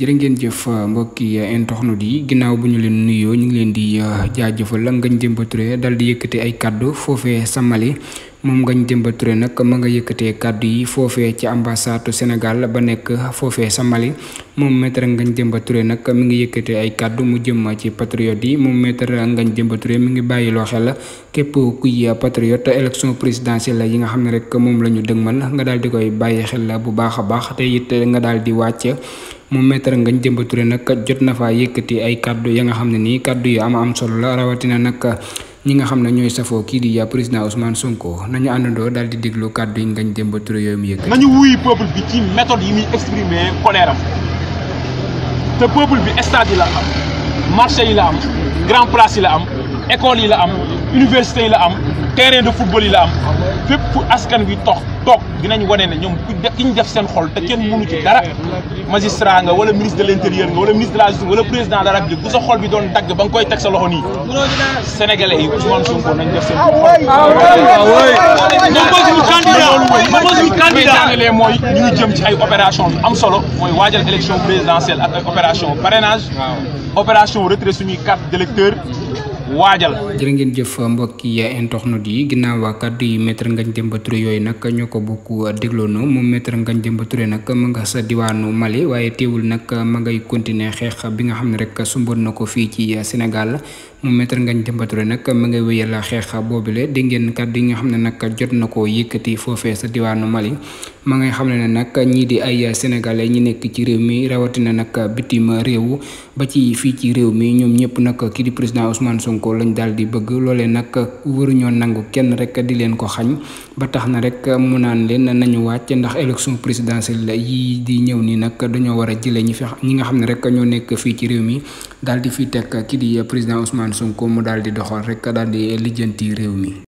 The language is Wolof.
jërë ngeen jëf euh, mbokki euh, internet yi ginnaaw bu ñu leen nuyoo ñu ngi leen di euh, jaajëfal Ngagne Demba Touré dal di yëkkati ay kàddu foofee sa moom Ngagne Demba Touré nag ma nga yëkkatee kàddu yi foofee ci ambassade Sénégal ba nekk foofee sa Mali moom maître Ngagne Demba Touré nag mi ngi yëkkatee ay kàddu mu jëm ci patriote yi moom maître Ngagne Demba Touré mi ngi bàyyi loo xel képp kuy patriote élection présidentielle yi nga xam ne rek moom la ñu dëgmal nga daal di koy bàyyi xel bu baax baax te it nga daal di wàcc. moom maître Ngagne Demba Touré nag jot na faa yëkkati ay kàddu ya nga xam ne nii yu am am solo la rawatina nag ñi nga xam ne ñooy safoo kii di ya président Ousmane Sonko nañu àndandoo daal di déglu kàddu ngañ Ngagne Demba Touré yooyu mu yëg nañu wuyu peuple bi ci méthode yi muy exprimer colère te peuple bi stade yi la am marché yi la am grand place yi la am école yi la am université am terrain de football yi am askan dinañ def xol mënu ci dara magistrat nga wala ministre de l'Intérieur, nga ministre de la justice wala président de la République bu sa xol bi doon dag ba koy sa loxo sénégalais yi Ousmane Sonko nañ def ah ah ah candidat ñu jëm ci ay opération am solo élection présidentielle ak opération parrainage opération retrait suñuy carte d'électeur. waajal jërë ngeen jëf mbokki internet yi ginnaaw kàddu yi maître Ngagne Demba Touré yooyu nag ñoo ko bokk dégloonoo moom maître Ngagne Demba Touré nag mu nga sa diwaanu Mali waaye teewul nag ma ngay continuer xeex bi nga xam ne rek sumboon na ko fii ci Sénégal moom maître Ngagne Demba Touré nag ma ngay wéyal xeex boobule dégg ngeen kàddu nga xam ne jot na koo yëkkati foofee sa diwaanu Mali ma ngay xam ne nag ñii di ay sénégalais ñi nekk ci réew mi rawatina nag bitim réew ba ci fii ci réew mi ñoom ñëpp nag kii di président Ousmane Sonko Sonko lañ daal di bëgg loolee nag waruñoo nangu kenn rek di leen ko xañ ba tax na rek mu naan leen nañu wàcc ndax élection présidentielle yi di ñëw nii nag dañoo war a jëlee ñi fi ñi nga xam ne rek ñoo nekk fii ci réew mi daal di fi teg ki di président Ousmane Sonko mu daal di doxal rek daal di lijjanti réew mi.